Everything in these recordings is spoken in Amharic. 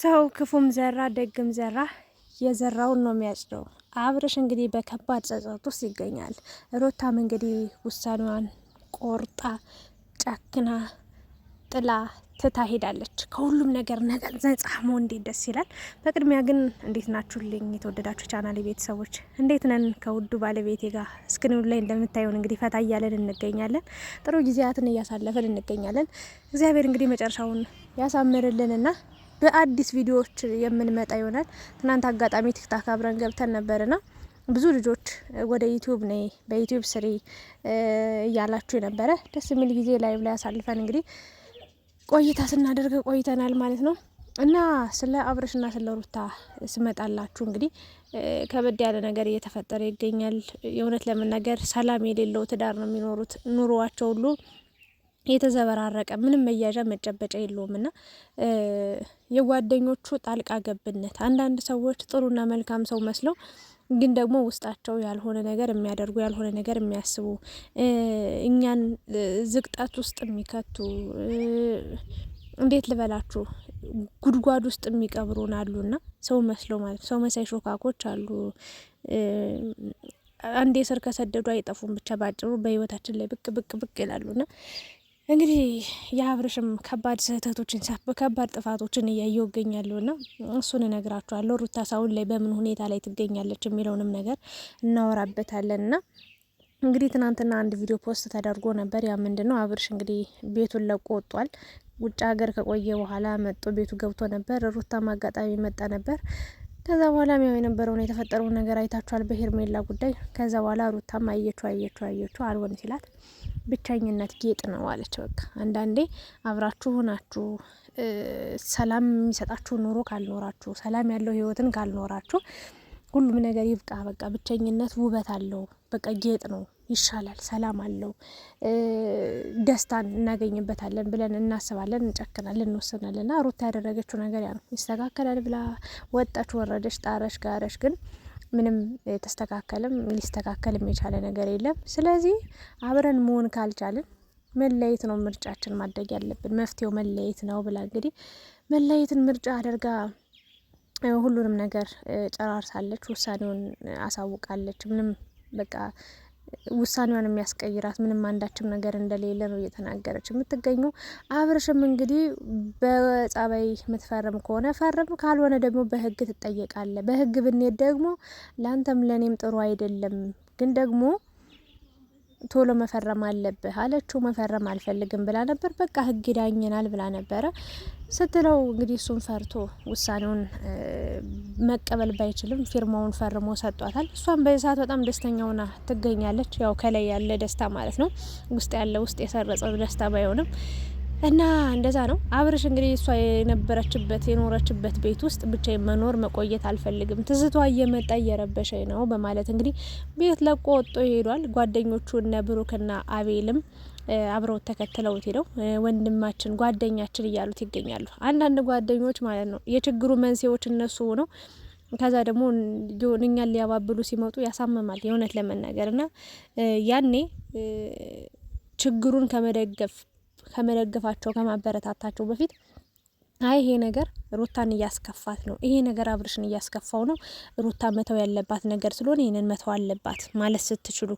ሰው ክፉም ዘራ ደግም ዘራ የዘራውን ነው የሚያጭደው። አብርሽ እንግዲህ በከባድ ጸጸት ውስጥ ይገኛል። ሩታም እንግዲህ ውሳኔዋን ቆርጣ ጨክና ጥላ ትታ ሄዳለች። ከሁሉም ነገር ነገር ነጻ እንዴት ደስ ይላል። በቅድሚያ ግን እንዴት ናችሁልኝ የተወደዳችሁ ቻናል ቤተሰቦች እንዴት ነን? ከውዱ ባለቤቴ ጋር እስክሪኑ ላይ እንደምታየውን እንግዲህ ፈታ እያለን እንገኛለን። ጥሩ ጊዜያትን እያሳለፈን እንገኛለን። እግዚአብሔር እንግዲህ መጨረሻውን ያሳምርልንና በአዲስ ቪዲዮዎች የምንመጣ ይሆናል። ትናንት አጋጣሚ ቲክታክ አብረን ገብተን ነበርና ብዙ ልጆች ወደ ዩቲዩብ ነ በዩቲዩብ ስሪ እያላችሁ የነበረ ደስ የሚል ጊዜ ላይቭ ላይ አሳልፈን እንግዲህ ቆይታ ስናደርግ ቆይተናል ማለት ነው። እና ስለ አብረሽና ስለ ሩታ ስመጣላችሁ እንግዲህ ከበድ ያለ ነገር እየተፈጠረ ይገኛል። የእውነት ለመናገር ሰላም የሌለው ትዳር ነው የሚኖሩት ኑሮዋቸው ሁሉ የተዘበራረቀ ምንም መያዣ መጨበጫ የለውም እና የጓደኞቹ ጣልቃ ገብነት አንዳንድ ሰዎች ጥሩና መልካም ሰው መስለው ግን ደግሞ ውስጣቸው ያልሆነ ነገር የሚያደርጉ ያልሆነ ነገር የሚያስቡ እኛን ዝቅጣት ውስጥ የሚከቱ እንዴት ልበላችሁ ጉድጓድ ውስጥ የሚቀብሩን አሉና ሰው መስለው ማለት ሰው መሳይ ሾካኮች አሉ። አንዴ ስር ከሰደዱ አይጠፉም። ብቻ ባጭሩ በህይወታችን ላይ ብቅ ብቅ ብቅ ይላሉና እንግዲህ የአብርሽም ከባድ ስህተቶችን ከባድ ጥፋቶችን እያየው እገኛለሁ ና እሱን እነግራችኋለሁ። ሩታ ሳሁን ላይ በምን ሁኔታ ላይ ትገኛለች የሚለውንም ነገር እናወራበታለን ና እንግዲህ ትናንትና አንድ ቪዲዮ ፖስት ተደርጎ ነበር። ያ ምንድን ነው አብርሽ እንግዲህ ቤቱን ለቆ ወጧል። ውጭ ሀገር ከቆየ በኋላ መጦ ቤቱ ገብቶ ነበር። ሩታም አጋጣሚ መጣ ነበር ከዛ በኋላ ያው የነበረውን የተፈጠረውን ነገር አይታችኋል በሄርሜላ ጉዳይ። ከዛ በኋላ ሩታም አየቹ አየቹ አየቹ አልሆን ሲላት ብቸኝነት ጌጥ ነው አለች። በቃ አንዳንዴ አብራችሁ ሆናችሁ ሰላም የሚሰጣችሁ ኑሮ ካልኖራችሁ፣ ሰላም ያለው ህይወትን ካልኖራችሁ ሁሉም ነገር ይብቃ። በቃ ብቸኝነት ውበት አለው። በቃ ጌጥ ነው፣ ይሻላል፣ ሰላም አለው፣ ደስታን እናገኝበታለን ብለን እናስባለን፣ እንጨክናለን፣ እንወስናለን። እና ሩታ ያደረገችው ነገር ያ ነው። ይስተካከላል ብላ ወጣች፣ ወረደች፣ ጣረች፣ ጋረች ግን ምንም ተስተካከልም ሊስተካከልም የቻለ ነገር የለም። ስለዚህ አብረን መሆን ካልቻልን መለየት ነው ምርጫችን ማድረግ ያለብን፣ መፍትሄው መለየት ነው ብላ እንግዲህ መለየትን ምርጫ አድርጋ ሁሉንም ነገር ጨራርሳለች። ውሳኔውን አሳውቃለች። ምንም በቃ ውሳኔዋን የሚያስቀይራት ምንም አንዳችም ነገር እንደሌለ ነው እየተናገረች የምትገኘው። አብርሽም እንግዲህ በጸባይ የምትፈርም ከሆነ ፈርም፣ ካልሆነ ደግሞ በህግ ትጠየቃለ። በህግ ብንሄድ ደግሞ ለአንተም ለእኔም ጥሩ አይደለም። ግን ደግሞ ቶሎ መፈረም አለብህ አለችው። መፈረም አልፈልግም ብላ ነበር። በቃ ህግ ይዳኘናል ብላ ነበረ ስትለው እንግዲህ እሱን ፈርቶ ውሳኔውን መቀበል ባይችልም ፊርማውን ፈርሞ ሰጧታል። እሷም በዚህ ሰዓት በጣም ደስተኛ ሆና ትገኛለች። ያው ከላይ ያለ ደስታ ማለት ነው፣ ውስጥ ያለ ውስጥ የሰረጸ ደስታ ባይሆንም እና እንደዛ ነው አብርሽ። እንግዲህ እሷ የነበረችበት የኖረችበት ቤት ውስጥ ብቻዬን መኖር መቆየት አልፈልግም፣ ትዝቷ እየመጣ እየረበሸኝ ነው በማለት እንግዲህ ቤት ለቆ ወጥቶ ይሄዷል። ጓደኞቹ እነ ብሩክና አቤልም አብረው ተከትለውት ሄደው ወንድማችን ጓደኛችን እያሉት ይገኛሉ። አንዳንድ ጓደኞች ማለት ነው የችግሩ መንስኤዎች እነሱ ሆነው ከዛ ደግሞ እኛን ሊያባብሉ ሲመጡ ያሳምማል የእውነት ለመናገር እና ያኔ ችግሩን ከመደገፍ ከመደገፋቸው ከማበረታታቸው በፊት አይ ይሄ ነገር ሩታን እያስከፋት ነው፣ ይሄ ነገር አብርሽን እያስከፋው ነው፣ ሩታ መተው ያለባት ነገር ስለሆነ ይህንን መተው አለባት ማለት ስትችሉ፣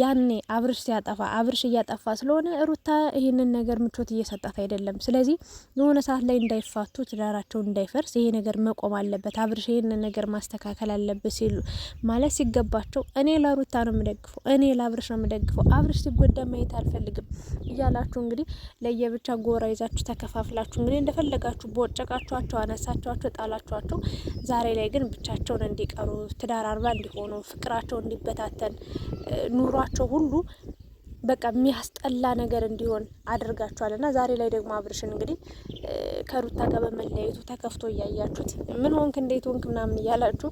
ያኔ አብርሽ ሲያጠፋ አብርሽ እያጠፋ ስለሆነ ሩታ ይህንን ነገር ምቾት እየሰጣት አይደለም። ስለዚህ የሆነ ሰዓት ላይ እንዳይፋቱ፣ ትዳራቸው እንዳይፈርስ ይሄ ነገር መቆም አለበት፣ አብርሽ ይህንን ነገር ማስተካከል አለበት ሲሉ ማለት ሲገባቸው፣ እኔ ለሩታ ነው የምደግፈው፣ እኔ ለአብርሽ ነው የምደግፈው፣ አብርሽ ሲጎዳ ማየት አልፈልግም እያላችሁ እንግዲህ ለየብቻ ጎራ ይዛችሁ ተከፋፍላችሁ እንግዲህ እንደፈለጋችሁ አድርጋችሁ ቦጨቃችኋቸው፣ አነሳችኋቸው፣ ጣላችኋቸው። ዛሬ ላይ ግን ብቻቸውን እንዲቀሩ ትዳር አልባ እንዲሆኑ ፍቅራቸው እንዲበታተን ኑሯቸው ሁሉ በቃ የሚያስጠላ ነገር እንዲሆን አድርጋችኋል። እና ዛሬ ላይ ደግሞ አብርሽን እንግዲህ ከሩታ ጋር በመለያየቱ ተከፍቶ እያያችሁት ምን ሆንክ እንዴት ሆንክ ምናምን እያላችሁ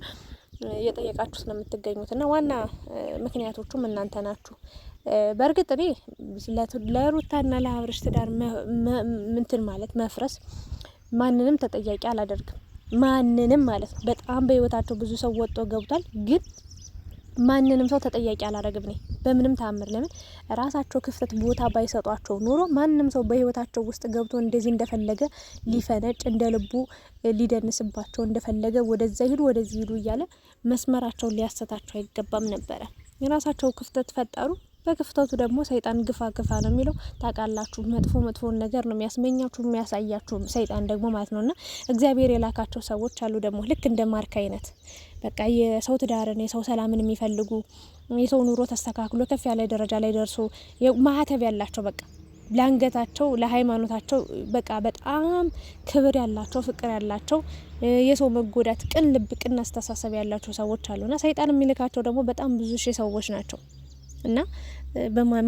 እየጠየቃችሁት ነው የምትገኙት። እና ዋና ምክንያቶቹም እናንተ ናችሁ። በእርግጥ እኔ ለሩታና ለአብርሽ ትዳር ምንትን ማለት መፍረስ ማንንም ተጠያቂ አላደርግም። ማንንም ማለት ነው። በጣም በህይወታቸው ብዙ ሰው ወጥቶ ገብቷል፣ ግን ማንንም ሰው ተጠያቂ አላደርግም እኔ በምንም ተአምር። ለምን ራሳቸው ክፍተት ቦታ ባይሰጧቸው ኖሮ ማንም ሰው በህይወታቸው ውስጥ ገብቶ እንደዚህ እንደፈለገ ሊፈነጭ እንደ ልቡ ሊደንስባቸው እንደፈለገ ወደዛ ሂዱ ወደዚህ ሂዱ እያለ መስመራቸውን ሊያሰታቸው አይገባም ነበረ። የራሳቸው ክፍተት ፈጠሩ። በክፍተቱ ደግሞ ሰይጣን ግፋ ግፋ ነው የሚለው ታውቃላችሁ። መጥፎ መጥፎን ነገር ነው የሚያስመኛችሁ የሚያሳያችሁ ሰይጣን ደግሞ ማለት ነውና እግዚአብሔር የላካቸው ሰዎች አሉ ደግሞ ልክ እንደ ማርክ አይነት በቃ የሰው ትዳርን የሰው ሰላምን የሚፈልጉ የሰው ኑሮ ተስተካክሎ ከፍ ያለ ደረጃ ላይ ደርሶ ማህተብ ያላቸው በቃ ለአንገታቸው ለሃይማኖታቸው በቃ በጣም ክብር ያላቸው ፍቅር ያላቸው የሰው መጎዳት ቅን ልብ ቅን አስተሳሰብ ያላቸው ሰዎች አሉና ሰይጣን የሚልካቸው ደግሞ በጣም ብዙ ሺህ ሰዎች ናቸው። እና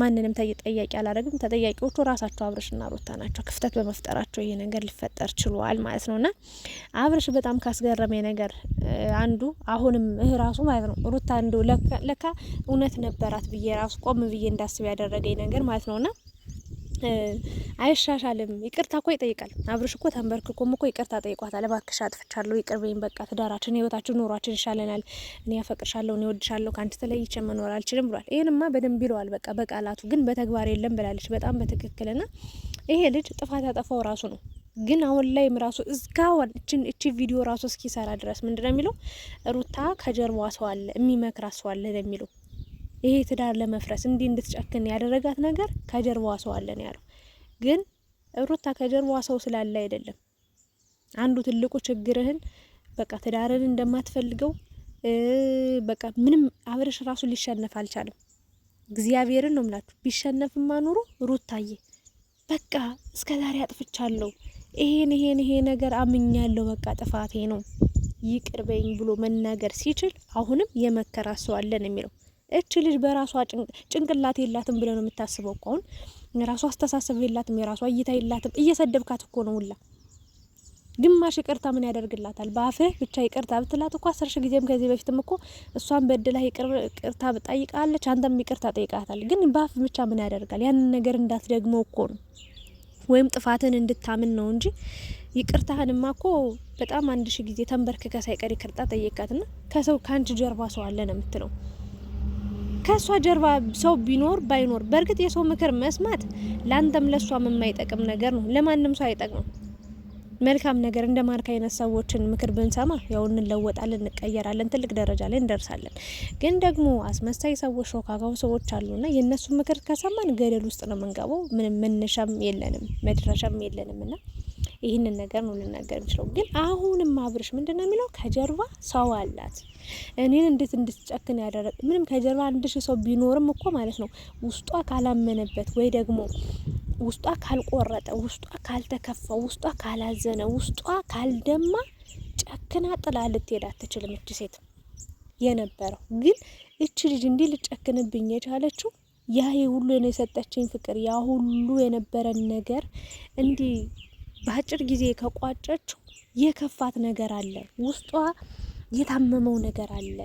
ማንንም ተጠያቂ አላደረግም። ተጠያቂዎቹ ራሳቸው አብርሽና ሩታ ናቸው። ክፍተት በመፍጠራቸው ይሄ ነገር ሊፈጠር ችሏል ማለት እና አብርሽ በጣም ካስገረመ ነገር አንዱ አሁንም እህ ራሱ ማለት ነው ሩታ እንዶ ለካ እውነት ነበራት ብዬ ራሱ ቆም ብዬ እንዳስብ ያደረገኝ ነገር ማለት እና አይሻሻልም። ይቅርታ እኮ ይጠይቃል። አብርሽ እኮ ተንበርክኮም እኮ ይቅርታ ጠይቋታል። እባክሽ አጥፍቻለሁ፣ ይቅር በይኝ፣ በቃ ትዳራችን፣ ህይወታችን፣ ኑሯችን ይሻለናል። እኔ ያፈቅርሻለሁ፣ እኔ ወድሻለሁ፣ ከአንቺ ተለይቼ መኖር አልችልም ብሏል። ይህንማ በደንብ ይለዋል፣ በቃ በቃላቱ ግን በተግባር የለም ብላለች። በጣም በትክክልና ይሄ ልጅ ጥፋት ያጠፋው ራሱ ነው ግን አሁን ላይም ራሱ እስካሁን እችን እቺ ቪዲዮ ራሱ እስኪሰራ ድረስ ምንድነው የሚለው ሩታ ከጀርባዋ ሰው አለ የሚመክራት ሰው አለ ነው የሚለው ይሄ ትዳር ለመፍረስ እንዲህ እንድትጨክን ያደረጋት ነገር ከጀርባዋ ሰው ያለው። ግን ሩታ ከጀርባዋ ሰው ስላለ አይደለም። አንዱ ትልቁ ችግርህን በቃ ትዳርን እንደማትፈልገው በቃ ምንም አብረሽ ራሱ ሊሸነፍ አልቻለም። እግዚአብሔርን ነው ምላችሁ። ቢሸነፍማ ኑሮ ሩታዬ በቃ እስከ ዛሬ አጥፍቻለሁ፣ ይሄን ይሄን ይሄ ነገር አምኛለሁ፣ በቃ ጥፋቴ ነው ይቅር በይኝ ብሎ መናገር ሲችል አሁንም የመከራ ሰው አለን የሚለው እች ልጅ በራሷ ጭንቅላት የላትም ብለ ነው የምታስበው እኮ አሁን። የራሷ አስተሳሰብ የላትም፣ የራሷ እይታ የላትም። እየሰደብካት እኮ ነው ሁላ ግማሽ ይቅርታ ምን ያደርግላታል? በአፍህ ብቻ ይቅርታ ብትላት እኮ አስር ጊዜም ከዚህ በፊትም እኮ እሷን በድላ ይቅርታ ብጠይቃለች፣ አንተም ይቅርታ ጠይቃታል። ግን በአፍ ብቻ ምን ያደርጋል? ያንን ነገር እንዳትደግመው እኮ ነው ወይም ጥፋትን እንድታምን ነው እንጂ ይቅርታህንማ እኮ በጣም አንድ ሺ ጊዜ ተንበርክከ ሳይቀር ይቅርታ ጠየቃትና ከሰው ከአንቺ ጀርባ ሰው አለ ነው የምትለው ከእሷ ጀርባ ሰው ቢኖር ባይኖር፣ በእርግጥ የሰው ምክር መስማት ለአንተም ለእሷም የማይጠቅም ነገር ነው። ለማንም ሰው አይጠቅምም። መልካም ነገር እንደ ማርክ አይነት ሰዎችን ምክር ብንሰማ ያው እንለወጣለን፣ እንቀየራለን፣ ትልቅ ደረጃ ላይ እንደርሳለን። ግን ደግሞ አስመሳይ ሰዎች፣ ሾካካው ሰዎች አሉና የእነሱ ምክር ከሰማን ገደል ውስጥ ነው የምንገባው። ምንም መነሻም የለንም መድረሻም የለንም እና ይህንን ነገር ነው ልናገር የምችለው። ግን አሁንም አብርሽ ምንድን ነው የሚለው ከጀርባ ሰው አላት እኔን እንዴት እንድትጨክን ያደረግ ምንም ከጀርባ አንድ ሺህ ሰው ቢኖርም እኮ ማለት ነው ውስጧ ካላመነበት ወይ ደግሞ ውስጧ ካልቆረጠ፣ ውስጧ ካልተከፋ፣ ውስጧ ካላዘነ፣ ውስጧ ካልደማ ጨክና ጥላ ልትሄድ አትችልም። እች ሴት የነበረው ግን እች ልጅ እንዲህ ልጨክንብኝ የቻለችው ያ ሁሉ የሰጠችኝ ፍቅር ያ ሁሉ የነበረን ነገር እንዲህ በአጭር ጊዜ ከቋጨችው የከፋት ነገር አለ፣ ውስጧ የታመመው ነገር አለ፣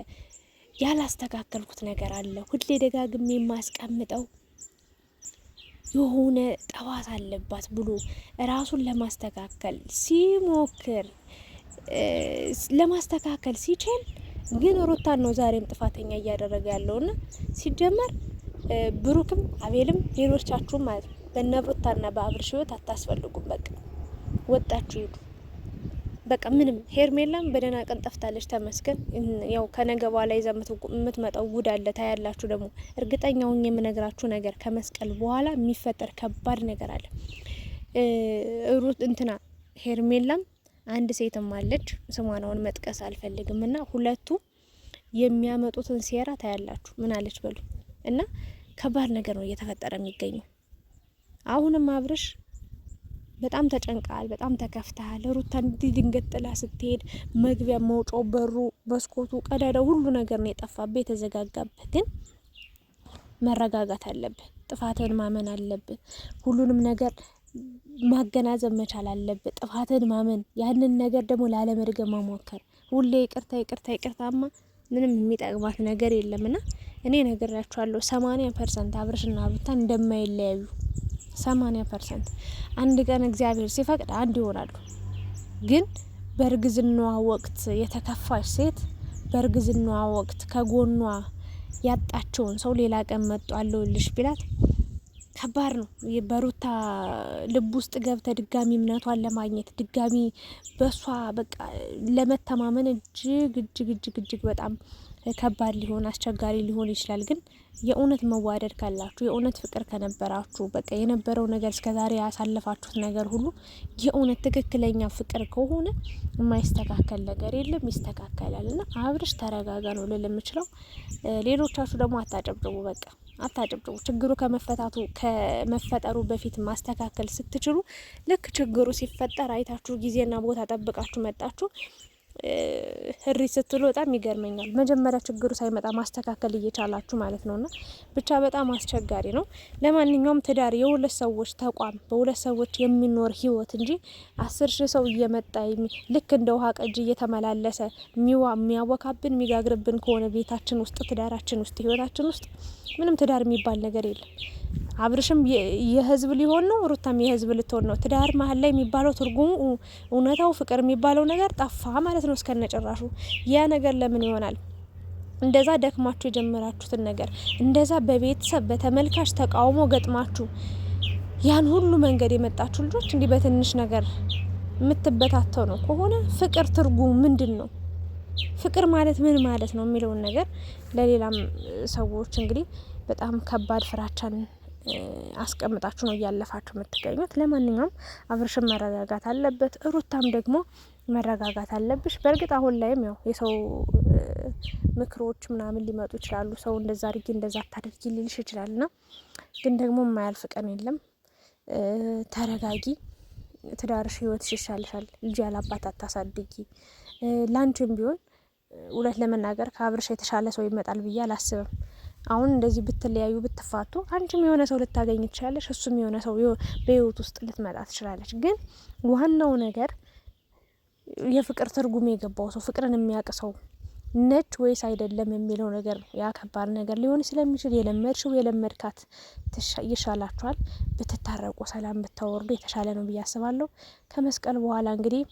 ያላስተካከልኩት ነገር አለ። ሁሌ ደጋግሜ የማስቀምጠው የሆነ ጠዋት አለባት ብሎ ራሱን ለማስተካከል ሲሞክር ለማስተካከል ሲችል ግን ሩታን ነው ዛሬም ጥፋተኛ እያደረገ ያለውና ሲጀመር ብሩክም አቤልም ሌሎቻችሁም ማለት ነው በእነ ሩታና በአብርሽ አታስፈልጉም በቃ። ወጣችሁ ሂዱ። በቃ ምንም ሄርሜላም በደህና ቀን ጠፍታለች። ተመስገን። ያው ከነገ በኋላ ይዛ የምትመጣው ጉድ አለ ታያላችሁ። ደግሞ እርግጠኛውን የምነግራችሁ ነገር ከመስቀል በኋላ የሚፈጠር ከባድ ነገር አለ። ሩት እንትና ሄርሜላም አንድ ሴትም አለች፣ ስሟን አሁን መጥቀስ አልፈልግም። እና ሁለቱ የሚያመጡትን ሴራ ታያላችሁ። ምን አለች በሉ እና ከባድ ነገር ነው እየተፈጠረ የሚገኘው አሁንም አብርሽ በጣም ተጨንቃል፣ በጣም ተከፍተሃል። ሩታ እንዲህ ድንገት ጥላ ስትሄድ መግቢያ መውጫው፣ በሩ፣ መስኮቱ፣ ቀዳዳው ሁሉ ነገር ነው የጠፋብህ የተዘጋጋብህ። ግን መረጋጋት አለብህ፣ ጥፋትን ማመን አለብህ፣ ሁሉንም ነገር ማገናዘብ መቻል አለብህ። ጥፋትን ማመን ያንን ነገር ደግሞ ላለመድገም መሞከር። ሁሌ ይቅርታ ይቅርታ ይቅርታማ ምንም የሚጠቅማት ነገር የለምና እኔ ነግራችኋለሁ፣ ሰማንያ ፐርሰንት አብርሽና ሩታ እንደማይለያዩ ሰማኒያ ፐርሰንት አንድ ቀን እግዚአብሔር ሲፈቅድ አንድ ይሆናሉ። ግን በእርግዝናዋ ወቅት የተከፋች ሴት በእርግዝናዋ ወቅት ከጎኗ ያጣቸውን ሰው ሌላ ቀን መጡ አለውልሽ ቢላት ከባድ ነው። በሩታ ልብ ውስጥ ገብተ ድጋሚ እምነቷን ለማግኘት ድጋሚ በሷ በቃ ለመተማመን እጅግ እጅግ እጅግ እጅግ በጣም ከባድ ሊሆን አስቸጋሪ ሊሆን ይችላል። ግን የእውነት መዋደድ ካላችሁ የእውነት ፍቅር ከነበራችሁ በቃ የነበረው ነገር እስከዛሬ ያሳለፋችሁት ነገር ሁሉ የእውነት ትክክለኛ ፍቅር ከሆነ የማይስተካከል ነገር የለም፣ ይስተካከላል። እና አብርሽ ተረጋጋ ነው ልል የምችለው። ሌሎቻችሁ ደግሞ አታጨብጭቡ፣ በቃ አታጨብጭቡ። ችግሩ ከመፈታቱ ከመፈጠሩ በፊት ማስተካከል ስትችሉ ልክ ችግሩ ሲፈጠር አይታችሁ ጊዜና ቦታ ጠብቃችሁ መጣችሁ ህሪ ስትሉ በጣም ይገርመኛል። መጀመሪያ ችግሩ ሳይመጣ ማስተካከል እየቻላችሁ ማለት ነውና ብቻ በጣም አስቸጋሪ ነው። ለማንኛውም ትዳር የሁለት ሰዎች ተቋም፣ በሁለት ሰዎች የሚኖር ህይወት እንጂ አስር ሺህ ሰው እየመጣ ልክ እንደ ውሃ ቀጅ እየተመላለሰ ሚዋ የሚያወካብን የሚጋግርብን ከሆነ ቤታችን ውስጥ ትዳራችን ውስጥ ህይወታችን ውስጥ ምንም ትዳር የሚባል ነገር የለም። አብርሽም የህዝብ ሊሆን ነው፣ ሩታም የህዝብ ልትሆን ነው። ትዳር መሀል ላይ የሚባለው ትርጉሙ እውነታው ፍቅር የሚባለው ነገር ጠፋ ማለት ነው እስከነጭራሹ። ያ ነገር ለምን ይሆናል? እንደዛ ደክማችሁ የጀመራችሁትን ነገር እንደዛ በቤተሰብ በተመልካች ተቃውሞ ገጥማችሁ ያን ሁሉ መንገድ የመጣችሁ ልጆች እንዲህ በትንሽ ነገር የምትበታተው ነው ከሆነ ፍቅር ትርጉሙ ምንድን ነው? ፍቅር ማለት ምን ማለት ነው የሚለውን ነገር ለሌላም ሰዎች እንግዲህ በጣም ከባድ ፍራቻን አስቀምጣችሁ ነው እያለፋችሁ የምትገኙት። ለማንኛውም አብርሽም መረጋጋት አለበት፣ ሩታም ደግሞ መረጋጋት አለብሽ። በእርግጥ አሁን ላይም ያው የሰው ምክሮች ምናምን ሊመጡ ይችላሉ። ሰው እንደዛ አድርጊ እንደዛ አታድርጊ ሊልሽ ይችላል። ና ግን ደግሞ የማያልፍ ቀን የለም። ተረጋጊ። ትዳርሽ ህይወትሽ ይሻልሻል። ልጅ ያላባት አታሳድጊ። ላንቺም ቢሆን እውነት ለመናገር ከአብርሽ የተሻለ ሰው ይመጣል ብዬ አላስብም። አሁን እንደዚህ ብትለያዩ ብትፋቱ፣ አንቺም የሆነ ሰው ልታገኝ ትችላለች፣ እሱም የሆነ ሰው በህይወት ውስጥ ልትመጣ ትችላለች። ግን ዋናው ነገር የፍቅር ትርጉም የገባው ሰው ፍቅርን የሚያውቅ ሰው ነች ወይስ አይደለም የሚለው ነገር ነው። ያ ከባድ ነገር ሊሆን ስለሚችል የለመድሽው የለመድካት ይሻላችኋል። ብትታረቁ፣ ሰላም ብታወርዱ የተሻለ ነው ብዬ አስባለሁ። ከመስቀል በኋላ እንግዲህ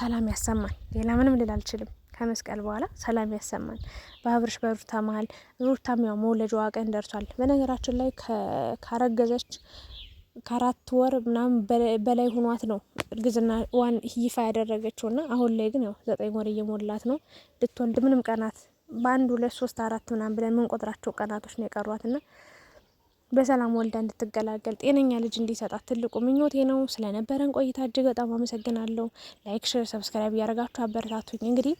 ሰላም ያሰማል ሌላ ምንም ልል አልችልም። ከመስቀል በኋላ ሰላም ያሰማን። በአብርሽ በሩታ መሀል ሩታም ያው መውለጃዋ ቀን ደርሷል። በነገራችን ላይ ካረገዘች ከአራት ወር ምናምን በላይ ሆኗት ነው እርግዝና ዋን ይፋ ያደረገችው ና አሁን ላይ ግን ያው ዘጠኝ ወር እየሞላት ነው። ልትወልድ ምንም ቀናት በአንድ ሁለት ሶስት አራት ምናምን ብለን የምንቆጥራቸው ቀናቶች ነው የቀሯትና በሰላም ወልዳ እንድትገላገል ጤነኛ ልጅ እንዲሰጣት ትልቁ ምኞቴ ነው። ስለነበረን ቆይታ እጅግ በጣም አመሰግናለሁ። ላይክ፣ ሼር፣ ሰብስክራይብ እያደረጋችሁ አበረታቱኝ እንግዲህ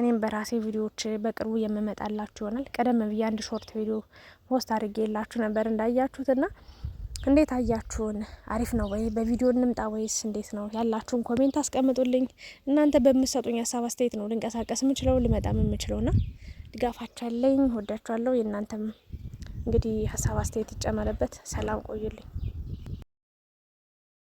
እኔም በራሴ ቪዲዮዎች በቅርቡ የምመጣላችሁ ይሆናል። ቀደም ብዬ አንድ ሾርት ቪዲዮ ፖስት አድርጌላችሁ ነበር እንዳያችሁት ና እንዴት አያችሁን? አሪፍ ነው ወይ? በቪዲዮ እንምጣ ወይስ እንዴት ነው? ያላችሁን ኮሜንት አስቀምጡልኝ። እናንተ በምትሰጡኝ ሀሳብ አስተያየት ነው ልንቀሳቀስ የምችለው ልመጣም የምችለው ና ድጋፋችሁ አለኝ። ወዳችኋለሁ። የእናንተም እንግዲህ ሀሳብ አስተያየት ይጨመረበት። ሰላም ቆዩልኝ።